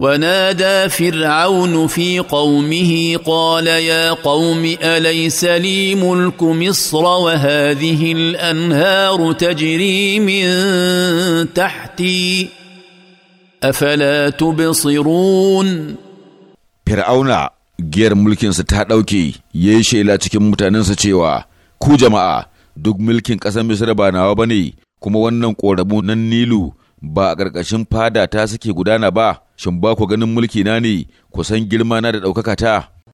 ونادى Fir'aunu fi قومه قال يا قوم اليس لي ملك مصر وهذه الانهار تجري من تحتي افلا تبصرون فرعون giyar mulkinsa ta ɗauke ya yi shela cikin mutanensa cewa ku jama'a duk mulkin ƙasar misra ba nawa ba ne kuma wannan ƙoramu nan nilu ba ƙarƙashin fada ta suke gudana ba shin ba ku ganin mulki na ne, ku san girma na da ɗaukaka ta?